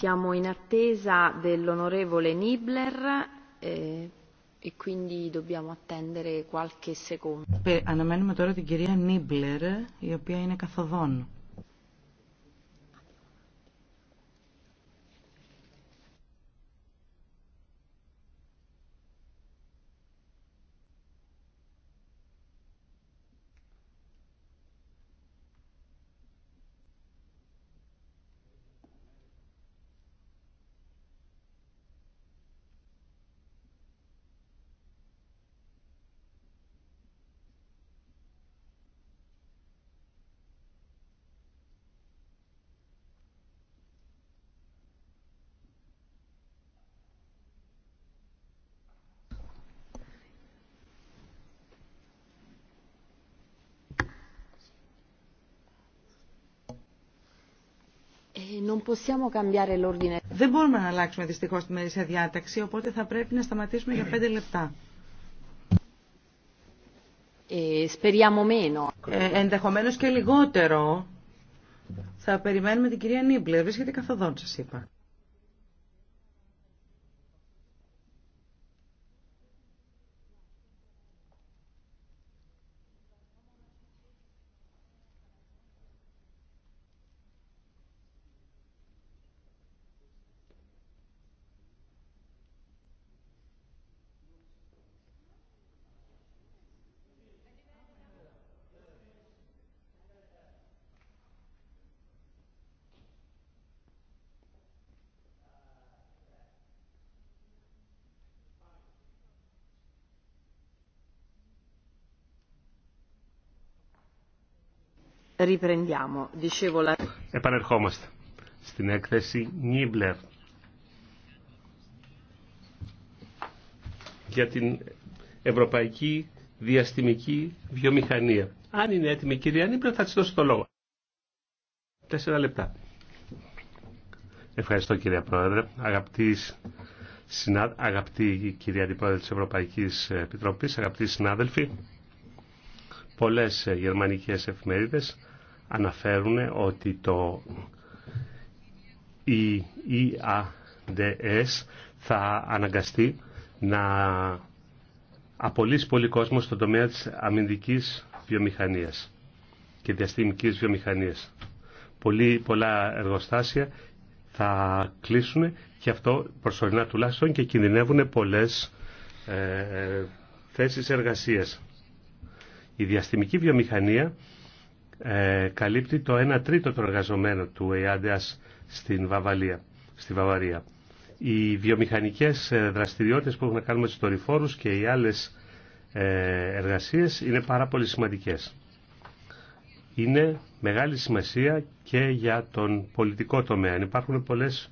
Siamo in attesa dell'onorevole Nibler e quindi dobbiamo attendere qualche secondo. Αναμένουμε τώρα την κυρία Νίμπλερ, η οποία είναι καθοδόν. Δεν μπορούμε να αλλάξουμε δυστυχώ τη μερίσια διάταξη, οπότε θα πρέπει να σταματήσουμε για πέντε λεπτά. Ε, ε και λιγότερο. Θα περιμένουμε την κυρία Νίμπλε. Βρίσκεται καθοδόν, σα είπα. Επανερχόμαστε στην έκθεση Νίμπλερ για την Ευρωπαϊκή Διαστημική Βιομηχανία. Αν είναι έτοιμη η κυρία Νίμπλερ θα της δώσω το λόγο. Τέσσερα λεπτά. Ευχαριστώ κυρία Πρόεδρε. Αγαπητής Συνα... Αγαπητή κυρία Αντιπρόεδρε της Ευρωπαϊκής Επιτροπής, αγαπητοί συνάδελφοι, πολλές γερμανικές εφημερίδες αναφέρουν ότι το EADS θα αναγκαστεί να απολύσει πολύ κόσμο στον τομέα της αμυντικής βιομηχανίας και διαστημικής βιομηχανίας. Πολύ, πολλά εργοστάσια θα κλείσουν και αυτό προσωρινά τουλάχιστον και κινδυνεύουν πολλές ε, ε θέσεις εργασίας. Η διαστημική βιομηχανία ε, καλύπτει το 1 τρίτο των εργαζομένων του ΕΑΝΤΕΑΣ στην Βαβαλία, στη Βαβαρία. Οι βιομηχανικές ε, δραστηριότητες που έχουν να κάνουν με και οι άλλες ε, εργασίες είναι πάρα πολύ σημαντικές. Είναι μεγάλη σημασία και για τον πολιτικό τομέα. Υπάρχουν πολλές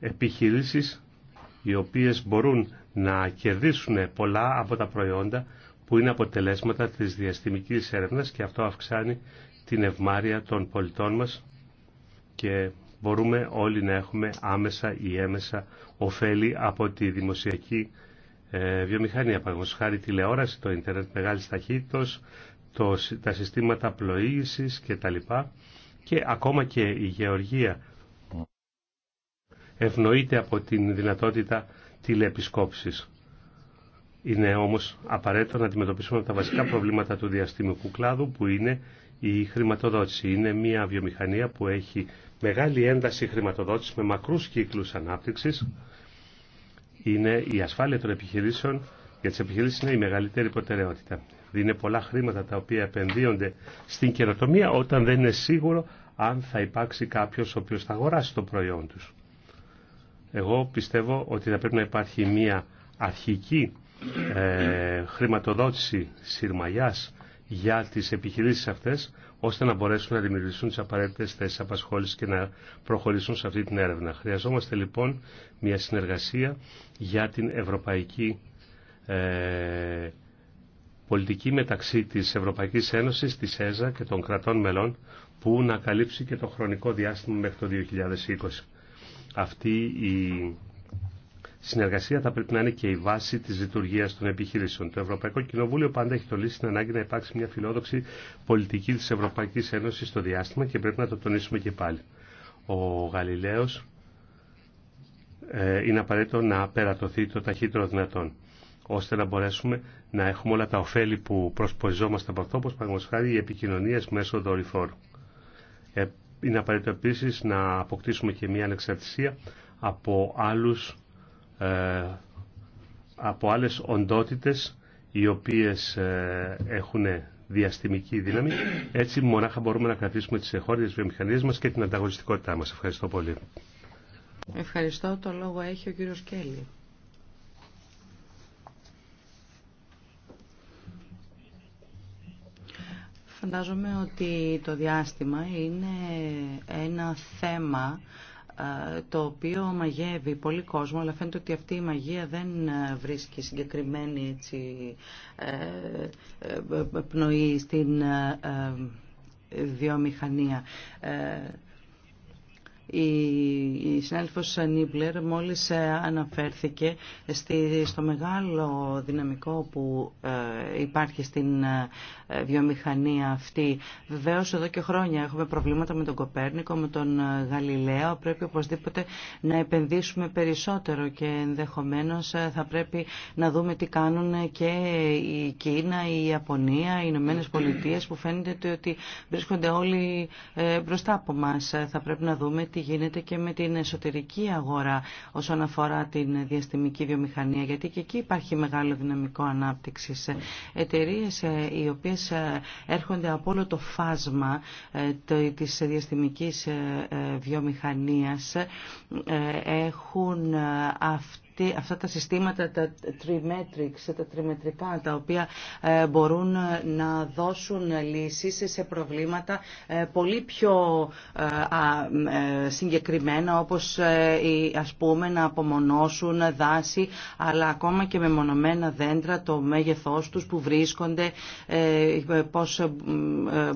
επιχειρήσεις οι οποίες μπορούν να κερδίσουν πολλά από τα προϊόντα που είναι αποτελέσματα της διαστημικής έρευνας και αυτό αυξάνει την ευμάρεια των πολιτών μας και μπορούμε όλοι να έχουμε άμεσα ή έμεσα ωφέλη από τη δημοσιακή ε, βιομηχανία. Παραδείγματος χάρη τηλεόραση, το ίντερνετ μεγάλης ταχύτητος, το, τα συστήματα πλοήγησης κτλ. Και ακόμα και η γεωργία ευνοείται από την δυνατότητα τηλεεπισκόψη. Είναι όμως απαραίτητο να αντιμετωπίσουμε τα βασικά προβλήματα του διαστημικού κλάδου που είναι η χρηματοδότηση. Είναι μια βιομηχανία που έχει μεγάλη ένταση χρηματοδότηση με μακρούς κύκλους ανάπτυξης. Είναι η ασφάλεια των επιχειρήσεων για τις επιχειρήσεις είναι η μεγαλύτερη προτεραιότητα. Είναι πολλά χρήματα τα οποία επενδύονται στην καινοτομία όταν δεν είναι σίγουρο αν θα υπάρξει κάποιος ο οποίος θα αγοράσει το προϊόν τους. Εγώ πιστεύω ότι θα πρέπει να υπάρχει μια αρχική ε, χρηματοδότηση συρμαγιάς για τις επιχειρήσεις αυτές, ώστε να μπορέσουν να δημιουργήσουν τις απαραίτητες θέσεις απασχόλησης και να προχωρήσουν σε αυτή την έρευνα. Χρειαζόμαστε λοιπόν μια συνεργασία για την ευρωπαϊκή ε, πολιτική μεταξύ της Ευρωπαϊκής Ένωσης, της ΕΖΑ και των κρατών μελών, που να καλύψει και το χρονικό διάστημα μέχρι το 2020. Αυτή η συνεργασία θα πρέπει να είναι και η βάση τη λειτουργία των επιχειρήσεων. Το Ευρωπαϊκό Κοινοβούλιο πάντα έχει το λύσει στην ανάγκη να υπάρξει μια φιλόδοξη πολιτική τη Ευρωπαϊκή Ένωση στο διάστημα και πρέπει να το τονίσουμε και πάλι. Ο Γαλιλαίο ε, είναι απαραίτητο να περατωθεί το ταχύτερο δυνατόν ώστε να μπορέσουμε να έχουμε όλα τα ωφέλη που προσποριζόμαστε από αυτό, όπως παραδείγματος οι επικοινωνίε μέσω δορυφόρου. Ε, είναι απαραίτητο επίσης να αποκτήσουμε και μια ανεξαρτησία από άλλους ε, από άλλες οντότητες οι οποίες ε, έχουν διαστημική δύναμη. Έτσι μονάχα μπορούμε να κρατήσουμε τις εχώριες βιομηχανίες μας και την ανταγωνιστικότητά μας. Ευχαριστώ πολύ. Ευχαριστώ. Το λόγο έχει ο κύριος Κέλλη. Φαντάζομαι ότι το διάστημα είναι ένα θέμα το οποίο μαγεύει πολύ κόσμο, αλλά φαίνεται ότι αυτή η μαγεία δεν ε, βρίσκει συγκεκριμένη έτσι, ε, ε, πνοή στην βιομηχανία η συνάδελφος Νίμπλερ μόλις ε, αναφέρθηκε στο μεγάλο δυναμικό που ε, υπάρχει στην ε, βιομηχανία αυτή. Βεβαίω εδώ και χρόνια έχουμε προβλήματα με τον Κοπέρνικο, με τον Γαλιλαίο. Πρέπει οπωσδήποτε να επενδύσουμε περισσότερο και ενδεχομένως θα πρέπει να δούμε τι κάνουν και η Κίνα, η Ιαπωνία, οι Ηνωμένε Πολιτείε που φαίνεται ότι βρίσκονται όλοι μπροστά από μας. Θα πρέπει να δούμε τι γίνεται και με την εσωτερική αγορά όσον αφορά την διαστημική βιομηχανία, γιατί και εκεί υπάρχει μεγάλο δυναμικό ανάπτυξης. Εταιρείε, ε, οι οποίες ε, έρχονται από όλο το φάσμα ε, της διαστημικής βιομηχανία έχουν αυτή αυτά τα συστήματα, τα τα τριμετρικά, τα οποία ε, μπορούν ε, να δώσουν λύσεις σε προβλήματα ε, πολύ πιο συγκεκριμένα, όπως ας πούμε να απομονώσουν δάση, αλλά ακόμα και με μονομένα δέντρα, το μέγεθός τους που βρίσκονται, πώς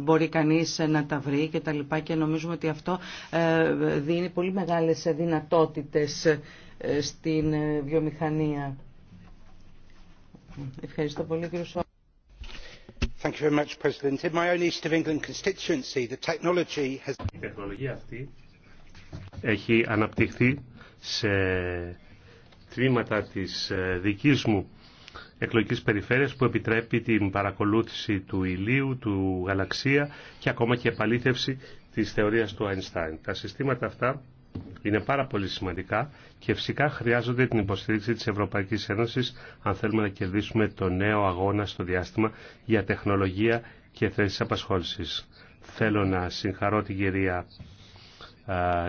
μπορεί κανείς να τα βρει κτλ. Και, και νομίζουμε ότι αυτό δίνει πολύ μεγάλες δυνατότητες ε, στην ε, βιομηχανία. Ευχαριστώ πολύ κύριο Σόλτ. Η τεχνολογία αυτή έχει αναπτυχθεί σε τμήματα της ε, δικής μου εκλογικής περιφέρειας που επιτρέπει την παρακολούθηση του ηλίου, του γαλαξία και ακόμα και επαλήθευση της θεωρίας του Αϊνστάιν. Τα συστήματα αυτά είναι πάρα πολύ σημαντικά και φυσικά χρειάζονται την υποστήριξη της Ευρωπαϊκής Ένωσης αν θέλουμε να κερδίσουμε το νέο αγώνα στο διάστημα για τεχνολογία και θέσεις απασχόλησης. Θέλω να συγχαρώ την κυρία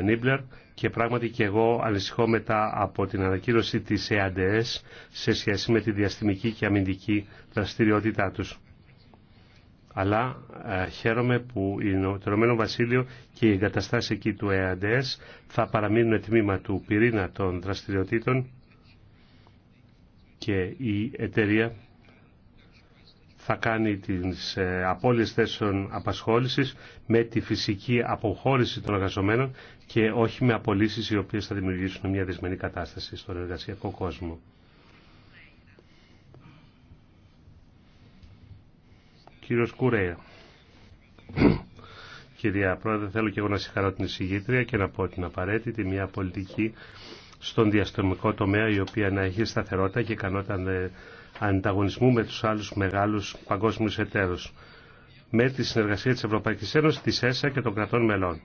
Νίμπλερ και πράγματι και εγώ ανησυχώ μετά από την ανακοίνωση της ΕΑΝΤΕΕΣ σε σχέση με τη διαστημική και αμυντική δραστηριότητά τους αλλά ε, χαίρομαι που το Ηνωμένο Βασίλειο και η εγκαταστάσει εκεί του ΕΑΝΤΕΣ θα παραμείνουν τμήμα του πυρήνα των δραστηριοτήτων και η εταιρεία θα κάνει τις ε, απώλειες θέσεων απασχόλησης με τη φυσική αποχώρηση των εργαζομένων και όχι με απολύσεις οι οποίες θα δημιουργήσουν μια δυσμενή κατάσταση στον εργασιακό κόσμο. κύριος Κουρέα. Κυρία Πρόεδρε, θέλω και εγώ να συγχαρώ την εισηγήτρια και να πω την απαραίτητη μια πολιτική στον διαστομικό τομέα η οποία να έχει σταθερότητα και ικανότητα ανταγωνισμού με τους άλλους μεγάλους παγκόσμιους εταίρους με τη συνεργασία της Ευρωπαϊκής Ένωσης, της ΕΣΑ και των κρατών μελών.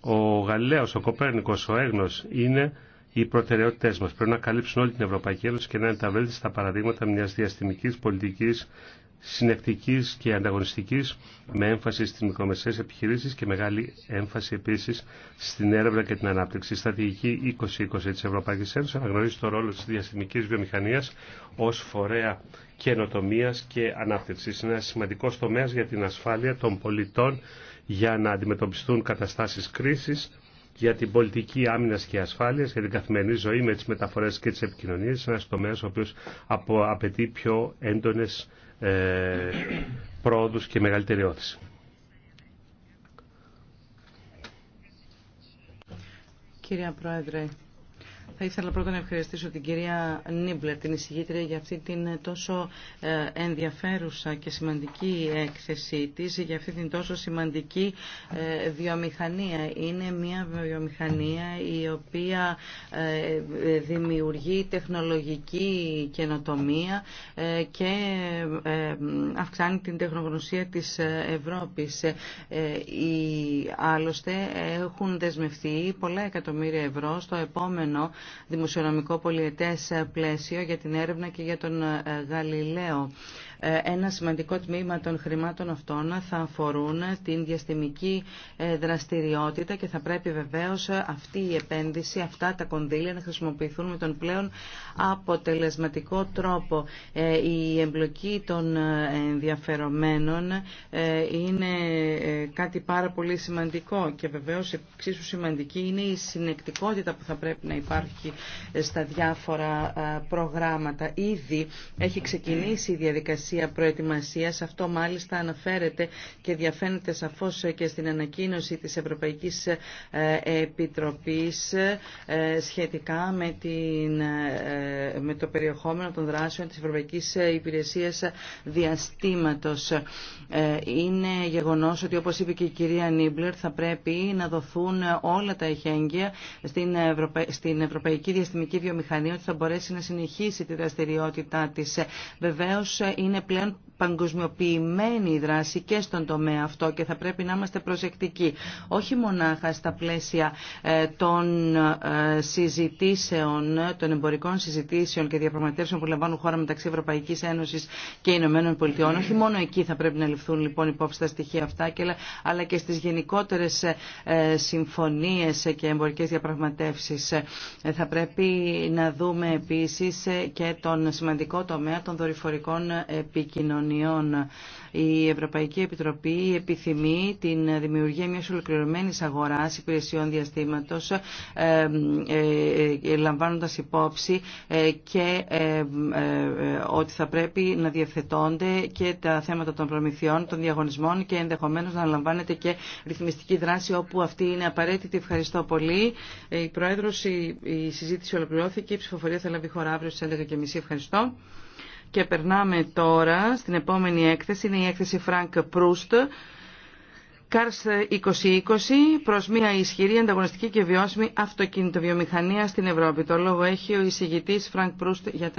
Ο Γαλιλαίος, ο Κοπέρνικος, ο Έγνος είναι οι προτεραιότητέ μα πρέπει να καλύψουν όλη την Ευρωπαϊκή Ένωση και να είναι τα βέλτιστα παραδείγματα μια διαστημική πολιτική συνεκτικής και ανταγωνιστικής με έμφαση στις μικρομεσαίες επιχειρήσεις και μεγάλη έμφαση επίσης στην έρευνα και την ανάπτυξη. Η στρατηγική 2020 της Ευρωπαϊκής Ένωσης αναγνωρίζει το ρόλο της διαστημικής βιομηχανίας ως φορέα καινοτομία και ανάπτυξη. Είναι ένα σημαντικό τομέα για την ασφάλεια των πολιτών για να αντιμετωπιστούν καταστάσεις κρίσης για την πολιτική άμυνας και ασφάλειας, για την καθημερινή ζωή με τι μεταφορές και τις επικοινωνίες, ένα τομέα ο οποίο απαιτεί πιο έντονες ε, και μεγαλύτερη όθηση. Κυρία Πρόεδρε, θα ήθελα πρώτα να ευχαριστήσω την κυρία Νίμπλερ, την εισηγήτρια, για αυτή την ε, τόσο ε, ενδιαφέρουσα και σημαντική έκθεσή της, για αυτή την τόσο σημαντική ε, βιομηχανία. Είναι μια βιομηχανία η οποία δημιουργεί τεχνολογική καινοτομία και αυξάνει την τεχνογνωσία της Ευρώπης άλλωστε έχουν δεσμευτεί πολλά εκατομμύρια ευρώ στο επόμενο δημοσιονομικό πολιετές πλαίσιο για την έρευνα και για τον ε, Γαλιλαίο. Ε, ένα σημαντικό τμήμα των χρημάτων αυτών θα αφορούν την διαστημική ε, δραστηριότητα και θα πρέπει βεβαίως αυτή η επένδυση, αυτά τα κονδύλια να χρησιμοποιηθούν με τον πλέον αποτελεσματικό τρόπο. Ε, η εμπλοκή των ενδιαφερομένων είναι κάτι πάρα πολύ σημαντικό και βεβαίως εξίσου σημαντική είναι η συνεκτικότητα που θα πρέπει να υπάρχει στα διάφορα προγράμματα. Ήδη έχει ξεκινήσει η διαδικασία διαδικασία Αυτό μάλιστα αναφέρεται και διαφαίνεται σαφώς και στην ανακοίνωση της Ευρωπαϊκής ε, Επιτροπής ε, σχετικά με, την, ε, με το περιεχόμενο των δράσεων της Ευρωπαϊκής Υπηρεσίας Διαστήματος. Είναι γεγονός ότι όπως είπε και η κυρία Νίμπλερ θα πρέπει να δοθούν όλα τα εχέγγυα στην, στην Ευρωπαϊκή Διαστημική Βιομηχανία ότι θα μπορέσει να συνεχίσει τη δραστηριότητά της. Βεβαίως είναι είναι πλέον παγκοσμιοποιημένη η δράση και στον τομέα αυτό και θα πρέπει να είμαστε προσεκτικοί. Όχι μονάχα στα πλαίσια ε, των ε, συζητήσεων, των εμπορικών συζητήσεων και διαπραγματεύσεων που λαμβάνουν χώρα μεταξύ Ευρωπαϊκής Ένωσης και Ηνωμένων Πολιτειών. Όχι μόνο εκεί θα πρέπει να ληφθούν λοιπόν υπόψη τα στοιχεία αυτά, αλλά και στις γενικότερες ε, συμφωνίες και εμπορικές διαπραγματεύσεις. Θα πρέπει να δούμε επίση και τον σημαντικό τομέα των δορυφορικών επικοινωνιών. Η Ευρωπαϊκή Επιτροπή επιθυμεί την δημιουργία μιας ολοκληρωμένης αγοράς υπηρεσιών διαστήματος ε, ε, ε, λαμβάνοντας υπόψη και ότι θα πρέπει να διευθετώνται και τα θέματα των προμηθειών, των διαγωνισμών και ενδεχομένως να λαμβάνεται και ρυθμιστική δράση όπου αυτή είναι απαραίτητη. Ευχαριστώ πολύ. Η Πρόεδρος, η συζήτηση ολοκληρώθηκε. Η ψηφοφορία θα λάβει χώρα αύριο στις 11.30. Ευχαριστώ. Και περνάμε τώρα στην επόμενη έκθεση, είναι η έκθεση Φράνκ Proust, Cars 2020 προς μια ισχυρή, ανταγωνιστική και βιώσιμη αυτοκινητοβιομηχανία στην Ευρώπη. Το λόγο έχει ο εισηγητής Frank Proust για